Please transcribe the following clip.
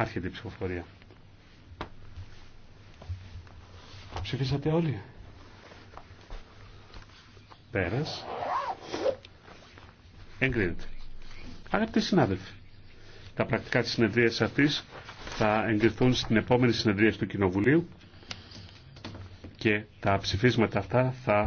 Άρχεται η ψηφοφορία. Ψηφίσατε όλοι. Πέρας. Εγκρίνεται. Αγαπητοί συνάδελφοι, τα πρακτικά της συνεδρίας αυτής θα εγκριθούν στην επόμενη συνεδρία του Κοινοβουλίου και τα ψηφίσματα αυτά θα